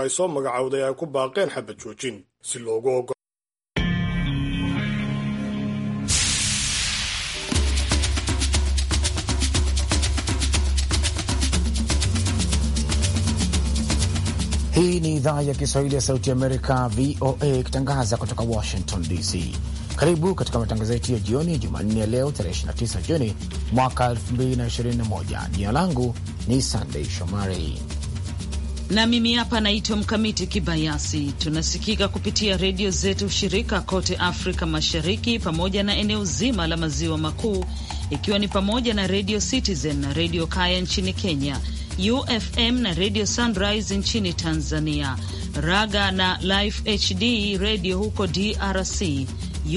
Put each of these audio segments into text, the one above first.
ay soo magacowday ay ku baaqeen xabad joojin si loogu ogo Hii ni idhaa ya Kiswahili ya Sauti Amerika, VOA, ikitangaza kutoka Washington DC. Karibu katika matangazo yetu ya jioni, Jumanne ya leo tarehe 29 Juni mwaka 2021. Jina langu ni Sandei Shomari na mimi hapa naitwa Mkamiti Kibayasi. Tunasikika kupitia redio zetu shirika kote Afrika Mashariki pamoja na eneo zima la maziwa makuu, ikiwa ni pamoja na redio Citizen na redio Kaya nchini Kenya, UFM na redio Sunrise nchini Tanzania, Raga na Life HD redio huko DRC,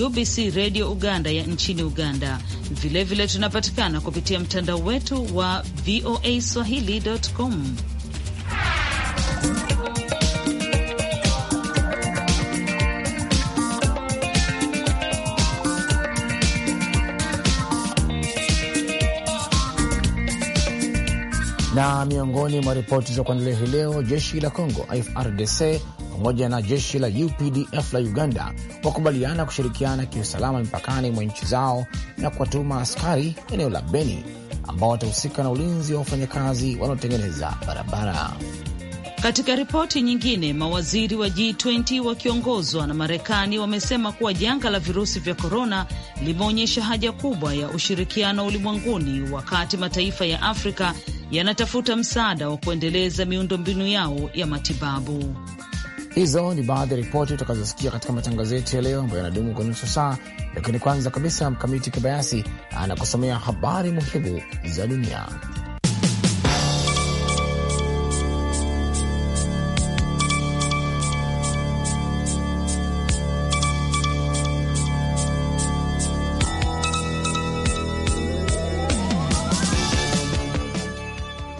UBC redio Uganda ya nchini Uganda. Vilevile tunapatikana kupitia mtandao wetu wa voa Swahili.com. Na miongoni mwa ripoti za kuandalia hii leo, jeshi la Congo frdc pamoja na jeshi la UPDF la Uganda wakubaliana kushirikiana kiusalama mipakani mwa nchi zao na kuwatuma askari eneo la Beni ambao watahusika na ulinzi wa wafanyakazi wanaotengeneza barabara. Katika ripoti nyingine, mawaziri wa G20 wakiongozwa na Marekani wamesema kuwa janga la virusi vya korona limeonyesha haja kubwa ya ushirikiano ulimwenguni, wakati mataifa ya Afrika yanatafuta msaada wa kuendeleza miundombinu yao ya matibabu. Hizo ni baadhi ya ripoti utakazosikia katika matangazo yetu ya leo ambayo yanadumu kwa nusu saa, lakini kwanza kabisa, Mkamiti Kibayasi anakusomea habari muhimu za dunia.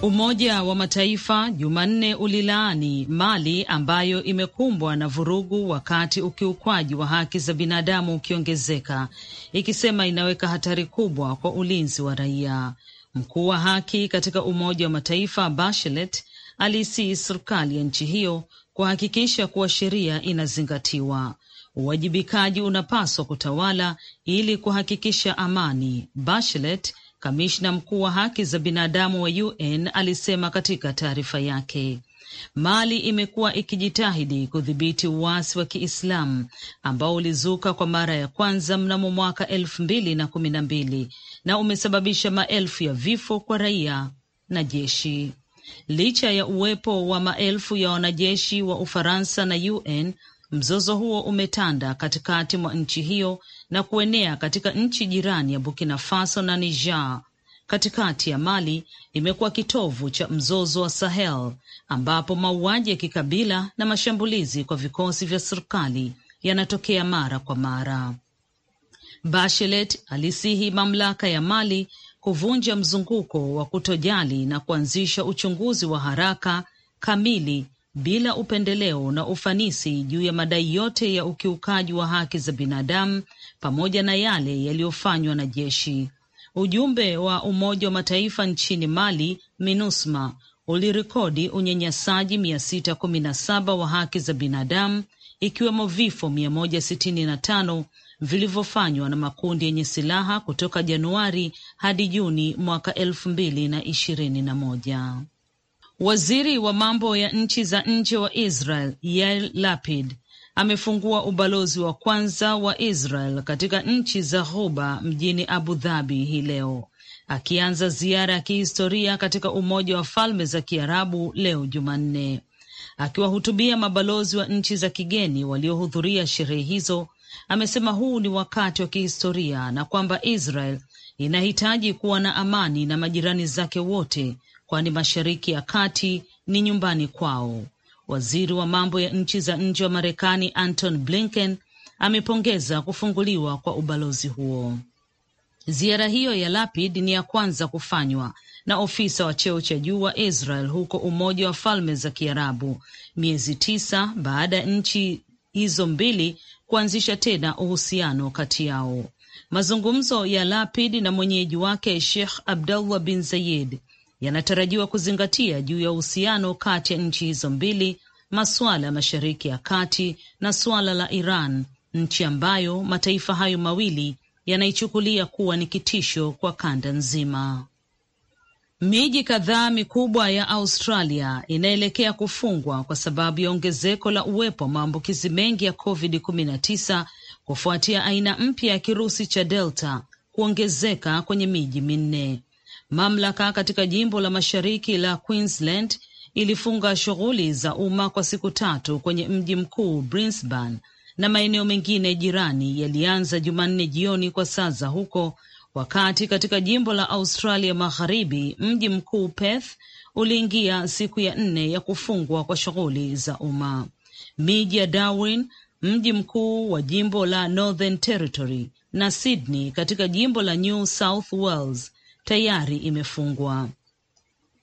Umoja wa Mataifa Jumanne ulilaani Mali ambayo imekumbwa na vurugu wakati ukiukwaji wa haki za binadamu ukiongezeka, ikisema inaweka hatari kubwa kwa ulinzi wa raia. Mkuu wa haki katika Umoja wa Mataifa Bachelet aliisii serikali ya nchi hiyo kuhakikisha kuwa sheria inazingatiwa. Uwajibikaji unapaswa kutawala ili kuhakikisha amani, Bachelet kamishna mkuu wa haki za binadamu wa UN alisema katika taarifa yake. Mali imekuwa ikijitahidi kudhibiti uasi wa Kiislamu ambao ulizuka kwa mara ya kwanza mnamo mwaka elfu mbili na kumi na mbili na umesababisha maelfu ya vifo kwa raia na jeshi. Licha ya uwepo wa maelfu ya wanajeshi wa Ufaransa na UN Mzozo huo umetanda katikati mwa nchi hiyo na kuenea katika nchi jirani ya Burkina Faso na Niger. Katikati ya Mali imekuwa kitovu cha mzozo wa Sahel ambapo mauaji ya kikabila na mashambulizi kwa vikosi vya serikali yanatokea mara kwa mara. Bachelet alisihi mamlaka ya Mali kuvunja mzunguko wa kutojali na kuanzisha uchunguzi wa haraka kamili bila upendeleo na ufanisi juu ya madai yote ya ukiukaji wa haki za binadamu pamoja na yale yaliyofanywa na jeshi. Ujumbe wa Umoja wa Mataifa nchini Mali, MINUSMA, ulirekodi unyanyasaji 617 wa haki za binadamu ikiwemo vifo 165 vilivyofanywa na makundi yenye silaha kutoka Januari hadi Juni mwaka elfu mbili na ishirini na moja. Waziri wa mambo ya nchi za nje wa Israel Yair Lapid amefungua ubalozi wa kwanza wa Israel katika nchi za Ghuba mjini Abu Dhabi hii leo, akianza ziara ya kihistoria katika Umoja wa Falme za Kiarabu leo Jumanne. Akiwahutubia mabalozi wa nchi za kigeni waliohudhuria sherehe hizo, amesema huu ni wakati wa kihistoria na kwamba Israel inahitaji kuwa na amani na majirani zake wote kwani Mashariki ya Kati ni nyumbani kwao. Waziri wa mambo ya nchi za nje wa Marekani Anton Blinken amepongeza kufunguliwa kwa ubalozi huo. Ziara hiyo ya Lapid ni ya kwanza kufanywa na ofisa wa cheo cha juu wa Israel huko Umoja wa Falme za Kiarabu, miezi tisa baada ya nchi hizo mbili kuanzisha tena uhusiano kati yao. Mazungumzo ya Lapid na mwenyeji wake Sheikh Abdullah bin Zayed yanatarajiwa kuzingatia juu ya uhusiano kati ya nchi hizo mbili, masuala ya Mashariki ya Kati na suala la Iran, nchi ambayo mataifa hayo mawili yanaichukulia kuwa ni kitisho kwa kanda nzima. Miji kadhaa mikubwa ya Australia inaelekea kufungwa kwa sababu ya ongezeko la uwepo wa maambukizi mengi ya COVID-19 kufuatia aina mpya ya kirusi cha Delta kuongezeka kwenye miji minne. Mamlaka katika jimbo la mashariki la Queensland ilifunga shughuli za umma kwa siku tatu kwenye mji mkuu Brisbane na maeneo mengine jirani yalianza Jumanne jioni kwa saa za huko, wakati katika jimbo la Australia Magharibi mji mkuu Perth uliingia siku ya nne ya kufungwa kwa shughuli za umma. Miji ya Darwin, mji mkuu wa jimbo la Northern Territory, na Sydney katika jimbo la New South Wales tayari imefungwa.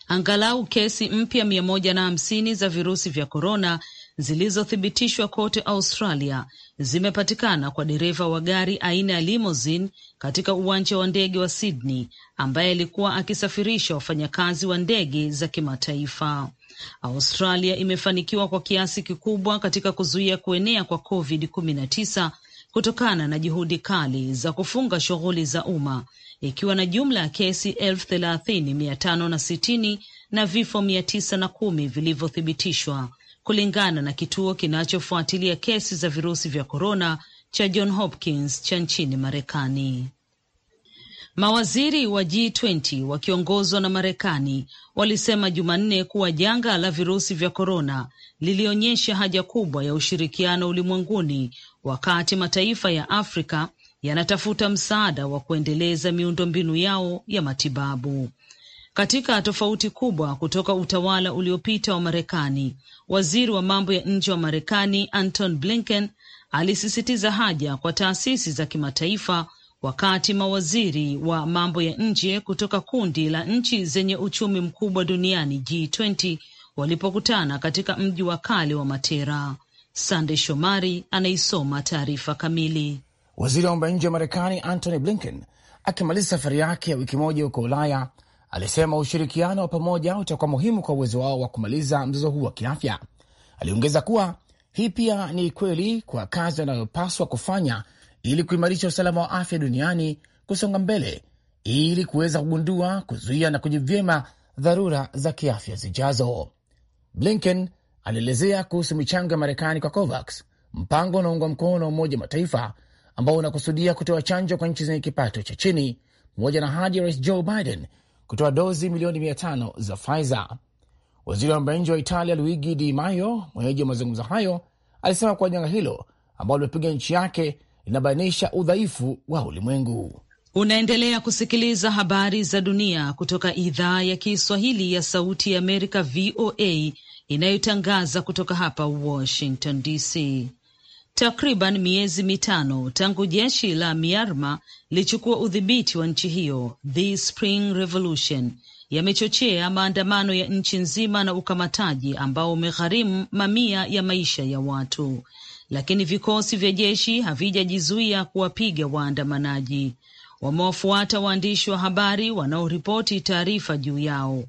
Angalau kesi mpya mia moja na hamsini za virusi vya korona zilizothibitishwa kote Australia zimepatikana kwa dereva wa gari aina ya limosin katika uwanja wa ndege wa Sydney ambaye alikuwa akisafirisha wafanyakazi wa ndege za kimataifa. Australia imefanikiwa kwa kiasi kikubwa katika kuzuia kuenea kwa COVID-19 kutokana na juhudi kali za kufunga shughuli za umma ikiwa na jumla ya kesi elfu thelathini mia tano na sitini na vifo mia tisa na kumi vilivyothibitishwa kulingana na kituo kinachofuatilia kesi za virusi vya korona cha John Hopkins cha nchini Marekani. Mawaziri wa G20 wakiongozwa na Marekani walisema Jumanne kuwa janga la virusi vya korona lilionyesha haja kubwa ya ushirikiano ulimwenguni, wakati mataifa ya Afrika yanatafuta msaada wa kuendeleza miundombinu yao ya matibabu. Katika tofauti kubwa kutoka utawala uliopita wa Marekani, waziri wa mambo ya nje wa Marekani Anton Blinken alisisitiza haja kwa taasisi za kimataifa wakati mawaziri wa mambo ya nje kutoka kundi la nchi zenye uchumi mkubwa duniani G20 walipokutana katika mji wa kale wa Matera. Sande Shomari anaisoma taarifa kamili. Waziri wa mambo ya nje wa Marekani Antony Blinken akimaliza safari yake ya wiki moja huko Ulaya alisema ushirikiano wa pamoja utakuwa muhimu kwa uwezo wao wa kumaliza mzozo huu wa kiafya. Aliongeza kuwa hii pia ni kweli kwa kazi wanayopaswa kufanya ili kuimarisha usalama wa afya duniani kusonga mbele ili kuweza kugundua, kuzuia na kujibu vyema dharura za kiafya zijazo. Blinken alielezea kuhusu michango ya Marekani kwa COVAX, mpango unaungwa mkono wa Umoja Mataifa ambao unakusudia kutoa chanjo kwa nchi zenye kipato cha chini pamoja na ahadi ya Rais Joe Biden kutoa dozi milioni mia tano za Pfizer. Waziri wa mambo ya nje wa Italia Luigi Di Maio, mwenyeji wa mazungumzo hayo, alisema kuwa janga hilo ambalo limepiga nchi yake linabainisha udhaifu wa ulimwengu. Unaendelea kusikiliza habari za dunia kutoka idhaa ya Kiswahili ya Sauti ya Amerika, VOA, inayotangaza kutoka hapa Washington DC takriban miezi mitano tangu jeshi la Myanmar lichukua udhibiti wa nchi hiyo. The Spring Revolution yamechochea maandamano ya nchi nzima na ukamataji ambao umegharimu mamia ya maisha ya watu, lakini vikosi vya jeshi havijajizuia kuwapiga waandamanaji. Wamewafuata waandishi wa habari wanaoripoti taarifa juu yao.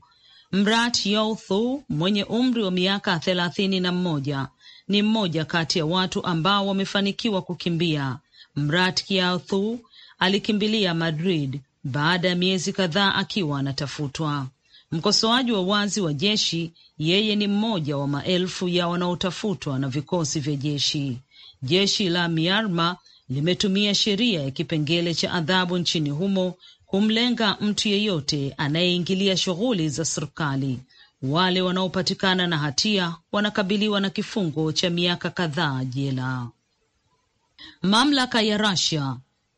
Mrat Yothu mwenye umri wa miaka thelathini na mmoja ni mmoja kati ya watu ambao wamefanikiwa kukimbia. Mrat Kiathu alikimbilia Madrid baada ya miezi kadhaa akiwa anatafutwa. Mkosoaji wa wazi wa jeshi, yeye ni mmoja wa maelfu ya wanaotafutwa na vikosi vya jeshi. Jeshi la Myanmar limetumia sheria ya kipengele cha adhabu nchini humo kumlenga mtu yeyote anayeingilia shughuli za serikali wale wanaopatikana na hatia wanakabiliwa na kifungo cha miaka kadhaa jela. Mamlaka ya Russia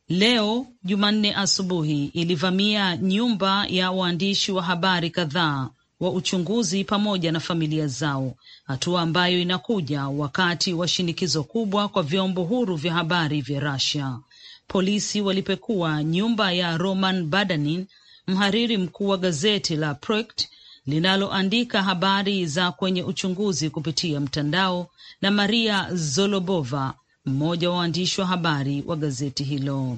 leo Jumanne asubuhi ilivamia nyumba ya waandishi wa habari kadhaa wa uchunguzi pamoja na familia zao, hatua ambayo inakuja wakati wa shinikizo kubwa kwa vyombo huru vya habari vya Russia. Polisi walipekua nyumba ya Roman Badanin, mhariri mkuu wa gazeti la Project linaloandika habari za kwenye uchunguzi kupitia mtandao na Maria Zolobova, mmoja wa waandishi wa habari wa gazeti hilo.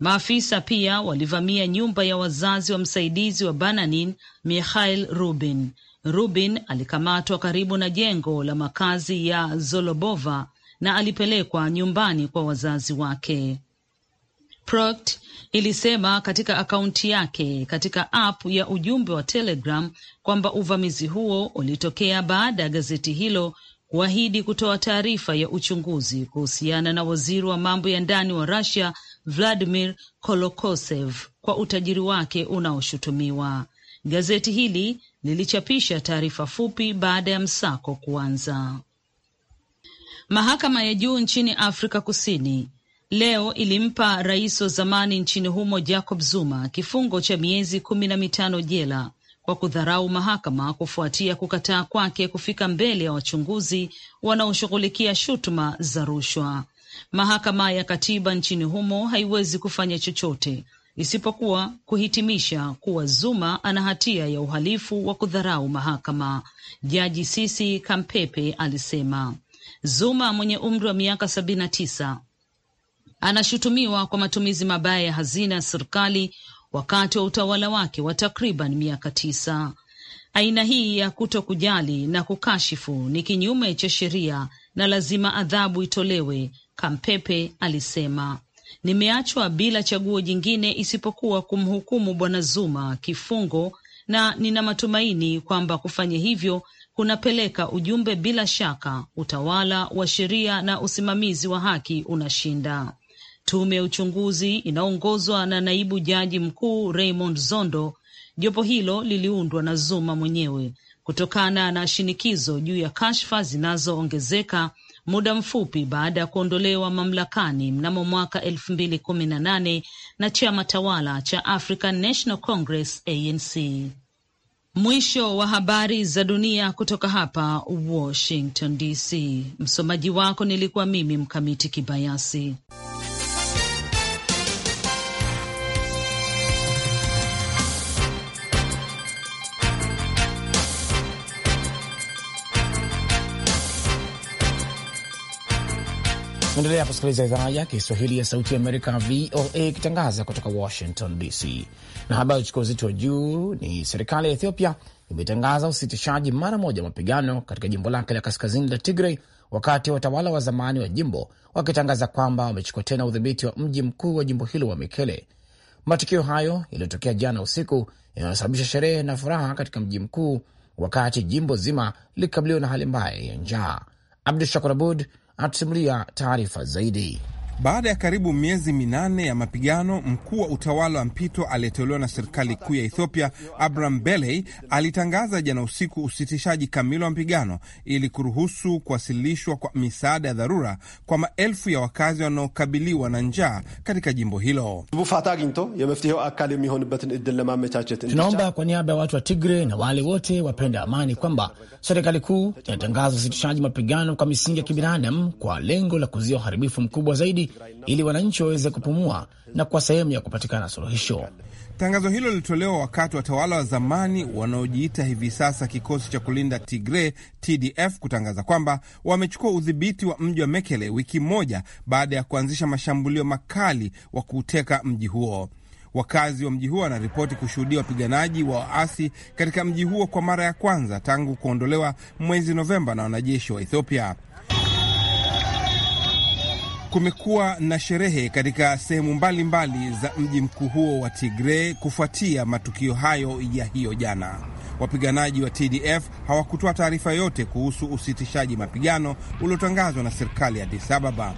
Maafisa pia walivamia nyumba ya wazazi wa msaidizi wa Bananin, Mikhail Rubin. Rubin alikamatwa karibu na jengo la makazi ya Zolobova na alipelekwa nyumbani kwa wazazi wake. Prot ilisema katika akaunti yake katika app ya ujumbe wa Telegram kwamba uvamizi huo ulitokea baada ya gazeti hilo kuahidi kutoa taarifa ya uchunguzi kuhusiana na waziri wa mambo ya ndani wa Russia Vladimir Kolokosev kwa utajiri wake unaoshutumiwa. Gazeti hili lilichapisha taarifa fupi baada ya msako kuanza. Mahakama ya juu nchini Afrika Kusini leo ilimpa rais wa zamani nchini humo Jacob Zuma kifungo cha miezi kumi na mitano jela kwa kudharau mahakama kufuatia kukataa kwake kufika mbele ya wachunguzi wanaoshughulikia shutuma za rushwa. Mahakama ya katiba nchini humo haiwezi kufanya chochote isipokuwa kuhitimisha kuwa Zuma ana hatia ya uhalifu wa kudharau mahakama, Jaji Sisi Kampepe alisema. Zuma mwenye umri wa miaka sabini na tisa anashutumiwa kwa matumizi mabaya ya hazina ya serikali wakati wa utawala wake wa takriban miaka tisa. Aina hii ya kuto kujali na kukashifu ni kinyume cha sheria na lazima adhabu itolewe, Kampepe alisema. Nimeachwa bila chaguo jingine isipokuwa kumhukumu Bwana Zuma kifungo, na nina matumaini kwamba kufanya hivyo kunapeleka ujumbe, bila shaka utawala wa sheria na usimamizi wa haki unashinda. Tume ya uchunguzi inaongozwa na naibu jaji mkuu Raymond Zondo. Jopo hilo liliundwa na Zuma mwenyewe kutokana na shinikizo juu ya kashfa zinazoongezeka muda mfupi baada ya kuondolewa mamlakani mnamo mwaka elfu mbili kumi na nane na chama tawala cha African National Congress ANC. Mwisho wa habari za dunia kutoka hapa Washington DC. Msomaji wako nilikuwa mimi Mkamiti Kibayasi. Naendelea kusikiliza idhaa ya Kiswahili ya Sauti ya Amerika, VOA, ikitangaza kutoka Washington DC. Na habari chukua uzito wa juu ni serikali ya Ethiopia imetangaza usitishaji mara moja mapigano katika jimbo lake la kaskazini la Tigray, wakati watawala wa zamani wa jimbo wakitangaza kwamba wamechukua tena udhibiti wa mji mkuu wa jimbo hilo wa Mekele. Matukio hayo yaliyotokea jana usiku yanayosababisha sherehe na furaha katika mji mkuu, wakati jimbo zima likikabiliwa na hali mbaya ya njaa. Abdu Shakur Abud atusimulia taarifa zaidi. Baada ya karibu miezi minane ya mapigano, mkuu wa utawala wa mpito aliyeteuliwa na serikali kuu ya Ethiopia Abraham Beley alitangaza jana usiku usitishaji kamili wa mapigano ili kuruhusu kuwasilishwa kwa misaada ya dharura kwa maelfu ya wakazi wanaokabiliwa na njaa katika jimbo hilo. Tunaomba kwa niaba ya watu wa Tigre na wale wote wapenda amani kwamba serikali kuu inatangaza usitishaji mapigano kwa misingi ya kibinadamu kwa lengo la kuzuia uharibifu mkubwa zaidi ili wananchi waweze kupumua na kuwa sehemu ya kupatikana suluhisho. Tangazo hilo lilitolewa wakati watawala wa zamani wanaojiita hivi sasa kikosi cha kulinda Tigre TDF kutangaza kwamba wamechukua udhibiti wa mji wa Mekele wiki moja baada ya kuanzisha mashambulio makali wa kuuteka mji huo. Wakazi wa mji huo wanaripoti kushuhudia wapiganaji wa waasi katika mji huo kwa mara ya kwanza tangu kuondolewa mwezi Novemba na wanajeshi wa Ethiopia kumekuwa na sherehe katika sehemu mbalimbali za mji mkuu huo wa tigre kufuatia matukio hayo ya hiyo jana. Wapiganaji wa TDF hawakutoa taarifa yote kuhusu usitishaji mapigano uliotangazwa na serikali ya Addis Ababa.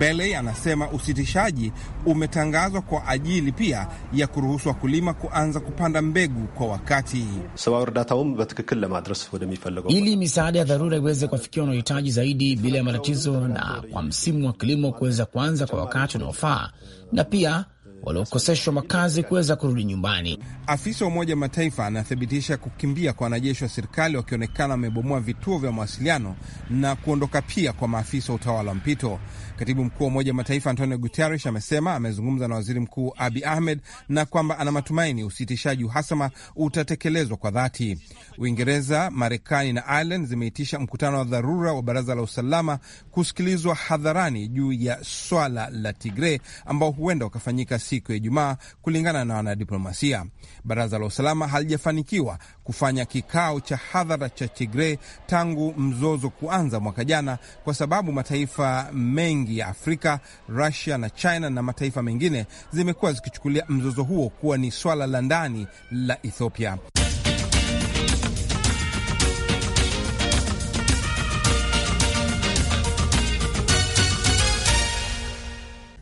Beley anasema usitishaji umetangazwa kwa ajili pia ya kuruhusu wakulima kuanza kupanda mbegu kwa wakati, ili misaada ya dharura iweze kuwafikia wanaohitaji zaidi bila ya matatizo, na kwa msimu wa kilimo kuweza kuanza kwa wakati unaofaa na pia waliokoseshwa makazi kuweza kurudi nyumbani. Afisa wa Umoja Mataifa anathibitisha kukimbia kwa wanajeshi wa serikali wakionekana wamebomoa vituo vya mawasiliano na kuondoka pia kwa maafisa wa utawala wa mpito. Katibu mkuu wa Umoja wa Mataifa Antonio Guterres amesema amezungumza na waziri mkuu Abi Ahmed na kwamba ana matumaini usitishaji uhasama utatekelezwa kwa dhati. Uingereza, Marekani na Ireland zimeitisha mkutano wa dharura wa Baraza la Usalama kusikilizwa hadharani juu ya swala la Tigre ambao huenda wakafanyika siku ya Ijumaa, kulingana na wanadiplomasia. Baraza la Usalama halijafanikiwa kufanya kikao cha hadhara cha Tigre tangu mzozo kuanza mwaka jana, kwa sababu mataifa mengi mengi ya Afrika, Rusia na China na mataifa mengine zimekuwa zikichukulia mzozo huo kuwa ni swala la ndani la Ethiopia.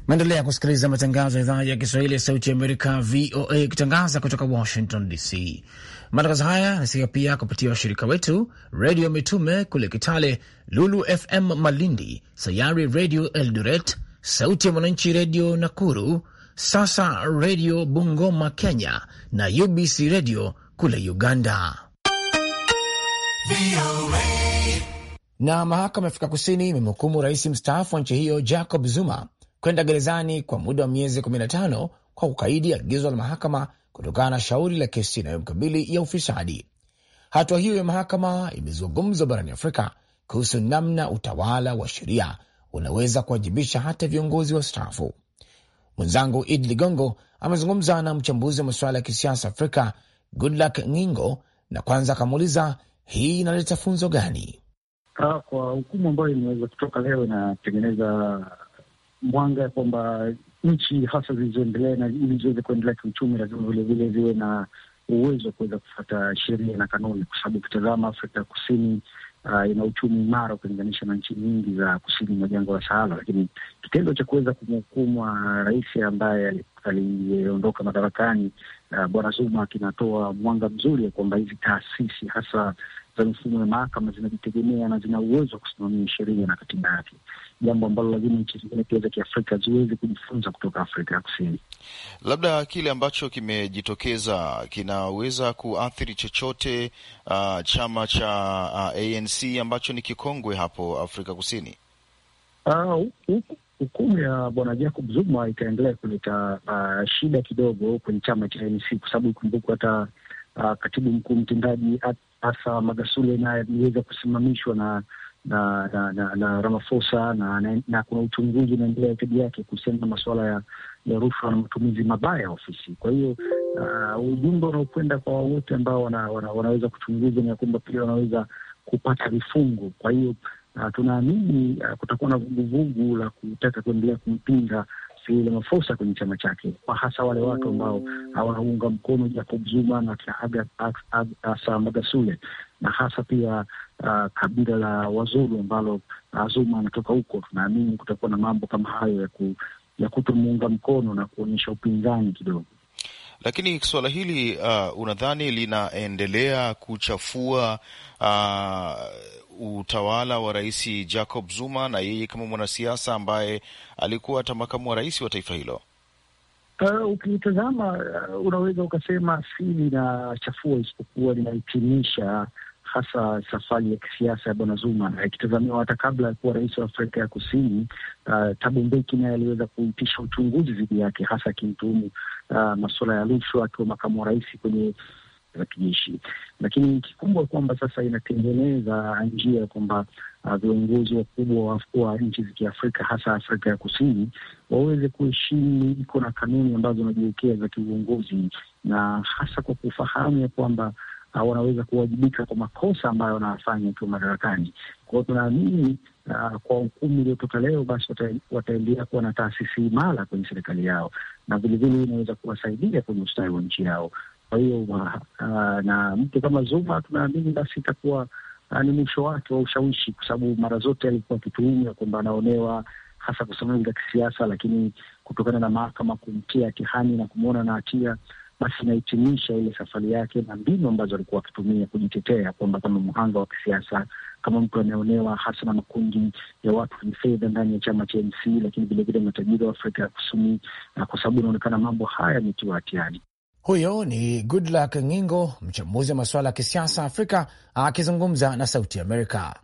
Maendelea kusikiliza matangazo ya idhaa ya Kiswahili ya Sauti ya Amerika, VOA, ikitangaza kutoka Washington DC. Matangazo haya yanasikika pia kupitia washirika wetu Redio Mitume kule Kitale, Lulu FM Malindi, Sayari Redio Eldoret, Sauti ya Mwananchi Redio Nakuru, Sasa Redio Bungoma Kenya na UBC Redio kule Uganda. Na mahakama ya Afrika Kusini imemhukumu rais mstaafu wa nchi hiyo Jacob Zuma kwenda gerezani kwa muda wa miezi 15 kwa kukaidi agizo la mahakama kutokana na shauri la kesi inayomkabili ya ufisadi. Hatua hiyo ya mahakama imezungumzwa barani Afrika kuhusu namna utawala wa sheria unaweza kuwajibisha hata viongozi wa stafu Mwenzangu Id Ligongo amezungumza na mchambuzi wa masuala ya kisiasa Afrika, Goodluck Ngingo, na kwanza akamuuliza hii inaleta funzo gani? Ah, kwa hukumu ambayo imeweza kutoka leo, inatengeneza mwanga ya kwamba nchi hasa zilizoendelea na ili ziweze kuendelea kiuchumi, lazima vilevile ziwe na uwezo wa kuweza kufata sheria na kanuni, kwa sababu ukitazama Afrika Kusini uh, ina uchumi imara ukilinganisha na nchi nyingi za kusini mwa jangwa la Sahara, lakini kitendo cha kuweza kumhukumwa uh, rais ambaye aliondoka madarakani uh, Bwana Zuma kinatoa mwanga mzuri ya kwamba hizi taasisi hasa za mifumo ya mahakama zinajitegemea na zina uwezo wa kusimamia sheria na katiba yake, jambo ambalo lazima nchi zingine pia za Kiafrika ziweze kujifunza kutoka Afrika ya Kusini. Labda kile ambacho kimejitokeza kinaweza kuathiri chochote uh, chama cha uh, ANC ambacho ni kikongwe hapo Afrika Kusini. Uh, hukumu ya bwana Jacob Zuma itaendelea kuleta uh, shida kidogo kwenye chama cha ANC kwa sababu ikumbukwe hata uh, katibu mkuu mtendaji hasa Magasule naye aliweza kusimamishwa na na na, na, na Ramaphosa na, na, na kuna uchunguzi unaendelea dhidi yake kuhusiana na masuala ya, ya rushwa na matumizi mabaya ya ofisi. Kwa hiyo uh, ujumbe unaokwenda kwa wote ambao wana, wana, wanaweza kuchunguzwa ni ya kwamba pia wanaweza kupata vifungu. Kwa hiyo uh, tunaamini uh, kutakuwa na vuguvugu la kutaka kuendelea kumpinga ile mafursa kwenye chama chake, kwa hasa wale watu ambao hawanaunga mkono Jacob Zuma na kina Magasule na hasa pia uh, kabila la Wazulu ambalo uh, Zuma anatoka huko. Tunaamini kutakuwa na mambo kama hayo ya, ku, ya kutomuunga mkono na kuonyesha upinzani kidogo. Lakini suala hili uh, unadhani linaendelea kuchafua uh, utawala wa Rais Jacob Zuma na yeye kama mwanasiasa ambaye alikuwa hata makamu wa rais wa taifa hilo? Uh, ukitazama uh, unaweza ukasema si linachafua, isipokuwa linahitimisha hasa safari ya kisiasa ya bwana Zuma ikitazamiwa hata kabla ya kuwa rais wa Afrika ya Kusini. Uh, Thabo Mbeki naye aliweza kuitisha uchunguzi dhidi yake, hasa akimtuhumu uh, masuala ya rushwa akiwa makamu wa rais kwenye za kijeshi. Lakini kikubwa kwamba sasa inatengeneza njia kwamba uh, viongozi wakubwa wa nchi za Kiafrika hasa Afrika ya Kusini waweze kuheshimu iko na kanuni ambazo wanajiwekea za kiuongozi, na hasa kwa kufahamu ya kwamba uh, wanaweza kuwajibika kwa makosa ambayo wanayafanya ikiwa madarakani. Kwa hiyo tunaamini uh, kwa hukumu uliotoka leo, basi wataendelea kuwa na taasisi imara kwenye serikali yao, na vilevile inaweza kuwasaidia kwenye ustawi wa nchi yao. Kwa hiyo uh, uh, na mtu kama Zuma tunaamini basi itakuwa uh, ni mwisho wake wa ushawishi, kwa sababu mara zote alikuwa akituhumiwa kwamba anaonewa hasa kwa sababu za kisiasa, lakini kutokana na mahakama kumtia kihani na kumwona na hatia basi inahitimisha ile safari yake na mbinu ambazo alikuwa akitumia kujitetea kwamba kama mhanga wa kisiasa, kama mtu anayeonewa hasa na makundi ya watu wenye fedha ndani ya chama cha mc lakini vilevile matajiri wa Afrika ya Kusini, kwa sababu inaonekana mambo haya yametiwa hatiani. Huyo ni Goodluck Ngingo, mchambuzi wa masuala ya kisiasa Afrika, akizungumza na Sauti Amerika.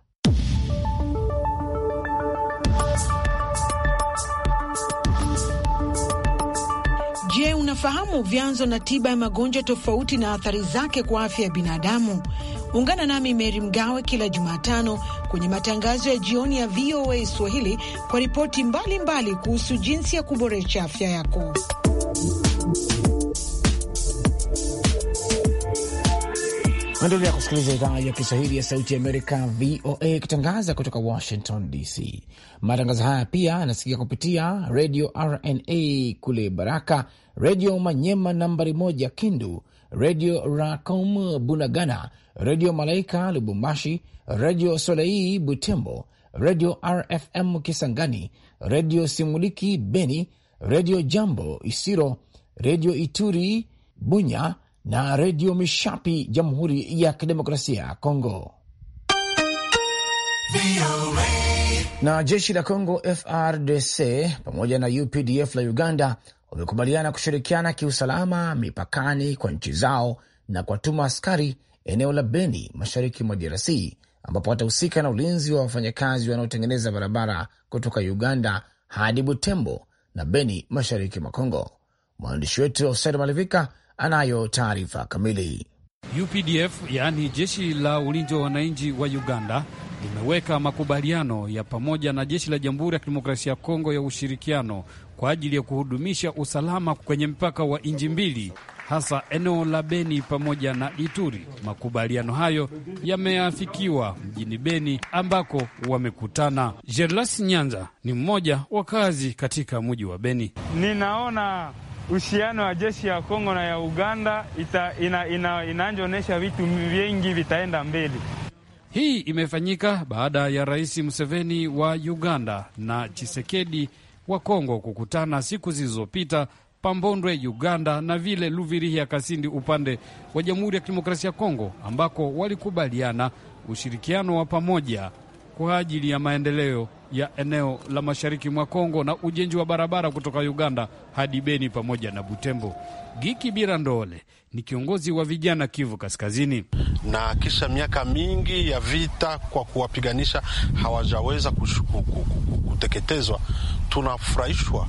Je, unafahamu vyanzo na tiba ya magonjwa tofauti na athari zake kwa afya ya binadamu? Ungana nami Meri Mgawe kila Jumatano kwenye matangazo ya jioni ya VOA Swahili kwa ripoti mbalimbali kuhusu jinsi ya kuboresha afya yako. Naendelea kusikiliza idhaa ya Kiswahili ya Sauti ya Amerika, VOA, ikitangaza kutoka Washington DC. Matangazo haya pia yanasikika kupitia redio RNA kule Baraka, redio Manyema nambari moja Kindu, redio Racom Bunagana, redio Malaika Lubumbashi, redio Solei Butembo, redio RFM Kisangani, redio Simuliki Beni, redio Jambo Isiro, redio Ituri Bunya, na redio Mishapi, Jamhuri ya Kidemokrasia ya Kongo. Na jeshi la Kongo FRDC pamoja na UPDF la Uganda wamekubaliana kushirikiana kiusalama mipakani kwa nchi zao na kuwatuma askari eneo la Beni mashariki mwa DRC ambapo watahusika na ulinzi wa wafanyakazi wanaotengeneza barabara kutoka Uganda hadi Butembo na Beni mashariki mwa Kongo. Mwandishi wetu Hoser Malivika anayo taarifa kamili. UPDF yaani jeshi la ulinzi wa wananchi wa Uganda limeweka makubaliano ya pamoja na jeshi la Jamhuri ya Kidemokrasia ya Kongo ya ushirikiano kwa ajili ya kuhudumisha usalama kwenye mpaka wa nchi mbili hasa eneo la Beni pamoja na Ituri. Makubaliano hayo yameafikiwa mjini Beni ambako wamekutana. Jerlas Nyanza ni mmoja wa kazi katika mji wa Beni. Ninaona uhusiano wa jeshi ya Kongo na ya Uganda ina, ina, vitu vingi vitaenda mbele. Hii imefanyika baada ya Rais Museveni wa Uganda na Chisekedi wa Kongo kukutana siku zilizopita Pambondwe, Uganda, na vile ya Kasindi upande wa Jamhuri ya Kidemokrasia ya Kongo, ambako walikubaliana ushirikiano wa pamoja kwa ajili ya maendeleo ya eneo la mashariki mwa Kongo na ujenzi wa barabara kutoka Uganda hadi Beni pamoja na Butembo. Giki Ndole ni kiongozi wa vijana Kivu Kaskazini. Na kisha miaka mingi ya vita kwa kuwapiganisha hawajaweza kuteketezwa, tunafurahishwa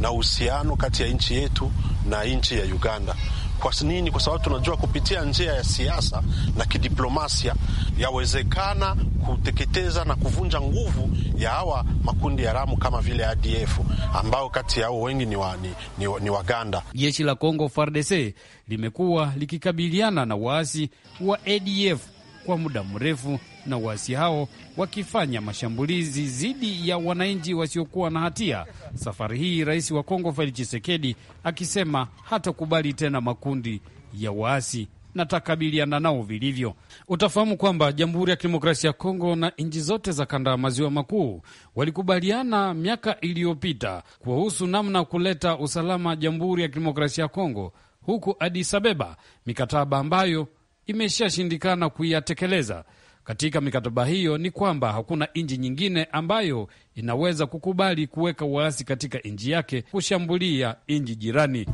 na uhusiano kati ya nchi yetu na nchi ya Uganda kwa nini? Kwa sababu tunajua kupitia njia ya siasa na kidiplomasia yawezekana kuteketeza na kuvunja nguvu ya hawa makundi ya ramu kama vile ADF ambao kati yao wengi ni, wa, ni, ni, ni Waganda. Jeshi la congo FARDC limekuwa likikabiliana na waasi wa ADF kwa muda mrefu, na waasi hao wakifanya mashambulizi dhidi ya wananchi wasiokuwa na hatia. Safari hii rais wa Kongo Felix Tshisekedi akisema hatakubali tena makundi ya waasi na takabiliana nao vilivyo. Utafahamu kwamba Jamhuri ya Kidemokrasia ya Kongo na nchi zote za kanda ya maziwa makuu walikubaliana miaka iliyopita kuhusu namna kuleta usalama Jamhuri ya Kidemokrasia ya Kongo huku Addis Ababa, mikataba ambayo imeshashindikana kuyatekeleza. Katika mikataba hiyo ni kwamba hakuna nchi nyingine ambayo inaweza kukubali kuweka waasi katika nchi yake kushambulia nchi jirani.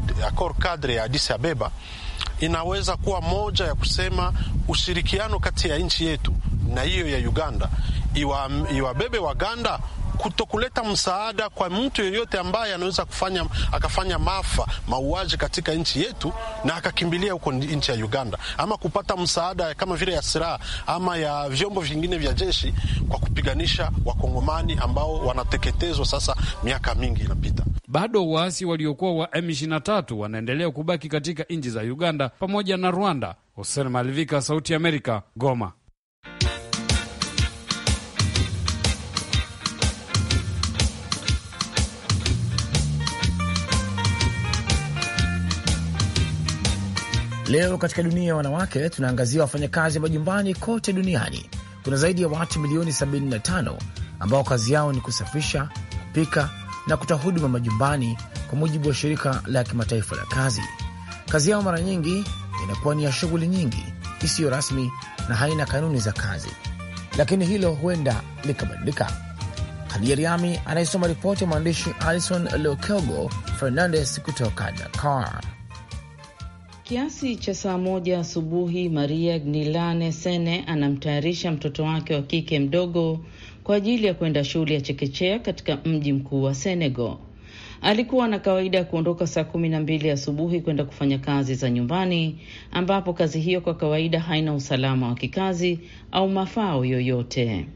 ya Addis Ababa inaweza kuwa moja ya kusema ushirikiano kati ya nchi yetu na hiyo ya Uganda iwa, iwabebe Waganda kuto kuleta msaada kwa mtu yeyote ambaye anaweza kufanya akafanya maafa mauaji katika nchi yetu na akakimbilia huko nchi ya Uganda, ama kupata msaada kama vile ya silaha ama ya vyombo vingine vya jeshi kwa kupiganisha wakongomani ambao wanateketezwa sasa miaka mingi inapita bado waasi waliokuwa wa M23 wanaendelea kubaki katika nchi za Uganda pamoja na Rwanda. hosen Malivika, Sauti ya Amerika, Goma. Leo katika dunia ya wanawake tunaangazia wafanyakazi majumbani kote duniani. Kuna zaidi ya watu milioni 75 ambao kazi yao ni kusafisha, kupika na kutoa huduma majumbani, kwa mujibu wa shirika la kimataifa la kazi. Kazi yao mara nyingi inakuwa ni ya shughuli nyingi, isiyo rasmi na haina kanuni za kazi, lakini hilo huenda likabadilika. Hadia Riami anayesoma ripoti ya mwandishi Alison Leokelgo Fernandes kutoka Dakar. Kiasi cha saa moja asubuhi Maria Gnilane Sene anamtayarisha mtoto wake wa kike mdogo kwa ajili ya kwenda shule ya chekechea katika mji mkuu wa Senegal. Alikuwa na kawaida ya kuondoka saa kumi na mbili asubuhi kwenda kufanya kazi za nyumbani, ambapo kazi hiyo kwa kawaida haina usalama wa kikazi au mafao yoyote.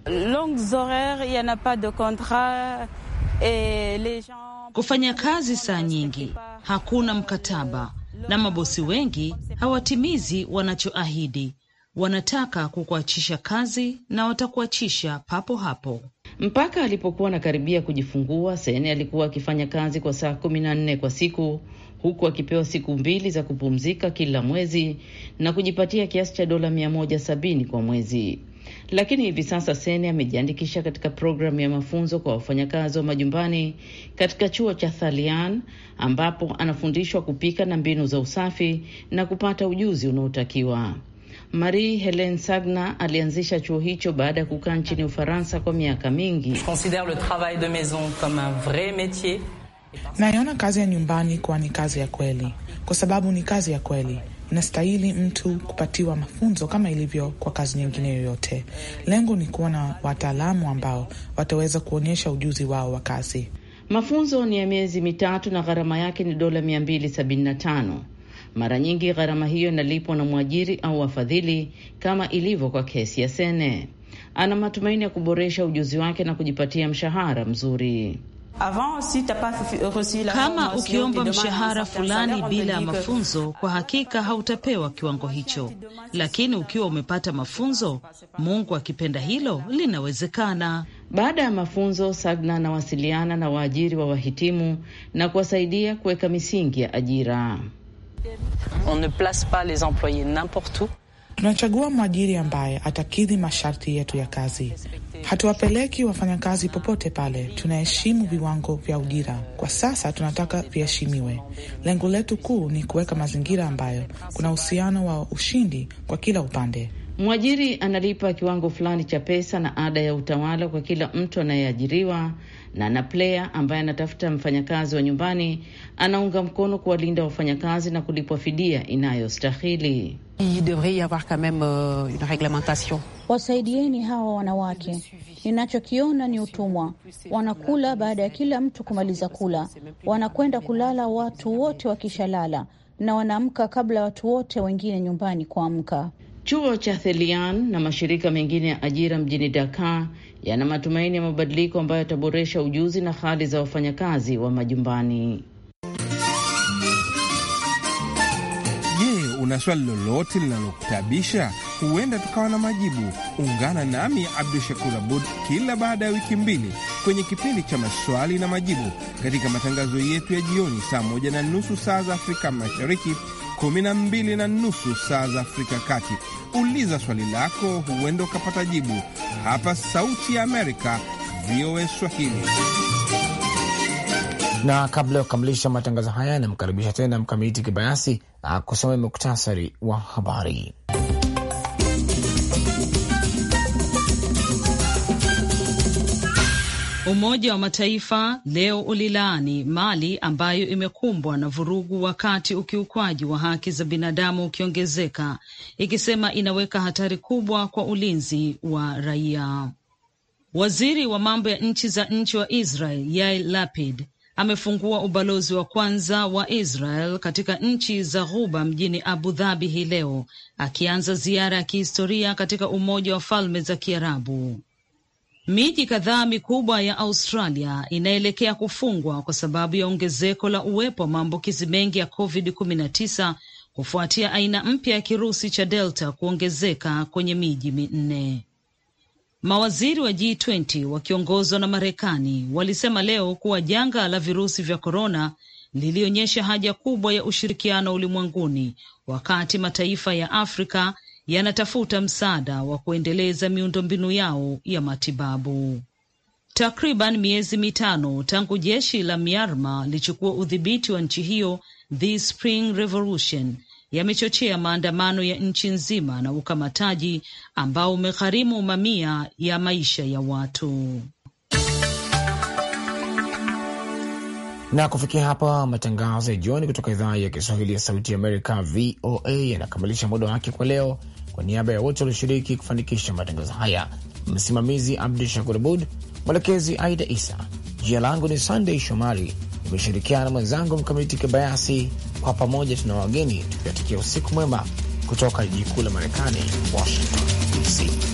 kufanya kazi saa nyingi, hakuna mkataba na mabosi wengi hawatimizi wanachoahidi wanataka kukuachisha kazi na watakuachisha papo hapo. Mpaka alipokuwa anakaribia kujifungua, Sene alikuwa akifanya kazi kwa saa kumi na nne kwa siku huku akipewa siku mbili za kupumzika kila mwezi na kujipatia kiasi cha dola mia moja sabini kwa mwezi. Lakini hivi sasa Sene amejiandikisha katika programu ya mafunzo kwa wafanyakazi wa majumbani katika chuo cha Thalian ambapo anafundishwa kupika na mbinu za usafi na kupata ujuzi unaotakiwa. Marie Helen Sagna alianzisha chuo hicho baada ya kukaa nchini Ufaransa kwa miaka mingi. Naiona kazi ya nyumbani kuwa ni kazi ya kweli, kwa sababu ni kazi ya kweli inastahili mtu kupatiwa mafunzo kama ilivyo kwa kazi nyingine yoyote. Lengo ni kuwa na wataalamu ambao wataweza kuonyesha ujuzi wao wa kazi. Mafunzo ni ya miezi mitatu na gharama yake ni dola 275. Mara nyingi gharama hiyo inalipwa na mwajiri au wafadhili kama ilivyo kwa kesi ya Sene. Ana matumaini ya kuboresha ujuzi wake na kujipatia mshahara mzuri. Kama ukiomba mshahara fulani bila ya mafunzo, kwa hakika hautapewa kiwango hicho, lakini ukiwa umepata mafunzo, Mungu akipenda, hilo linawezekana. Baada ya mafunzo, Sagna anawasiliana na waajiri wa wahitimu na kuwasaidia kuweka misingi ya ajira. On ne place pas les employés n'importe où. Tunachagua mwajiri ambaye atakidhi masharti yetu ya kazi. Hatuwapeleki wafanyakazi popote pale. Tunaheshimu viwango vya ujira kwa sasa, tunataka viheshimiwe. Lengo letu kuu ni kuweka mazingira ambayo kuna uhusiano wa ushindi kwa kila upande. Mwajiri analipa kiwango fulani cha pesa na ada ya utawala kwa kila mtu anayeajiriwa Nana Player ambaye anatafuta mfanyakazi wa nyumbani anaunga mkono kuwalinda wafanyakazi na kulipwa fidia inayostahili. Euh, Wasaidieni hawa wanawake, ninachokiona ni utumwa. Wanakula baada ya kila mtu kumaliza kula, wanakwenda kulala watu wote wakishalala, na wanaamka kabla watu wote wengine nyumbani kuamka. Chuo cha Thelian na mashirika mengine ya ajira mjini Dakar yana matumaini ya mabadiliko ambayo yataboresha ujuzi na hali za wafanyakazi wa majumbani. Je, una swali lolote linalokutabisha? Huenda tukawa na majibu. Ungana nami Abdu Shakur Abud kila baada ya wiki mbili kwenye kipindi cha maswali na majibu katika matangazo yetu ya jioni saa moja na nusu saa za Afrika Mashariki 12 na nusu saa za Afrika Kati. Uliza swali lako, huenda ukapata jibu hapa Sauti ya Amerika, VOA Swahili. Na kabla ya kukamilisha matangazo haya, namkaribisha tena Mkamiti Kibayasi akusome muktasari wa habari. Umoja wa Mataifa leo ulilaani Mali ambayo imekumbwa na vurugu wakati ukiukwaji wa haki za binadamu ukiongezeka, ikisema inaweka hatari kubwa kwa ulinzi wa raia. Waziri wa mambo ya nchi za nchi wa Israel Yair Lapid amefungua ubalozi wa kwanza wa Israel katika nchi za Ghuba mjini Abu Dhabi hii leo, akianza ziara ya kihistoria katika Umoja wa Falme za Kiarabu. Miji kadhaa mikubwa ya Australia inaelekea kufungwa kwa sababu ya ongezeko la uwepo wa maambukizi mengi ya COVID-19 kufuatia aina mpya ya kirusi cha Delta kuongezeka kwenye miji minne. Mawaziri wa G20 wakiongozwa na Marekani walisema leo kuwa janga la virusi vya korona lilionyesha haja kubwa ya ushirikiano ulimwenguni, wakati mataifa ya Afrika yanatafuta msaada wa kuendeleza miundombinu yao ya matibabu. Takriban miezi mitano tangu jeshi la Myanmar lichukua udhibiti wa nchi hiyo, the Spring Revolution yamechochea maandamano ya nchi nzima na ukamataji ambao umegharimu mamia ya maisha ya watu. Na kufikia hapa matangazo ya jioni kutoka idhaa ya Kiswahili ya Sauti ya Amerika, VOA, yanakamilisha muda wake kwa leo. Kwa niaba ya wote walioshiriki kufanikisha matangazo haya, msimamizi Abdu Shakur Abud, mwelekezi Aida Isa. Jina langu ni Sandey Shomari, imeshirikiana na mwenzangu Mkamiti Kibayasi. Kwa pamoja tuna wageni tukiwatakia usiku mwema kutoka jiji kuu la Marekani, Washington DC.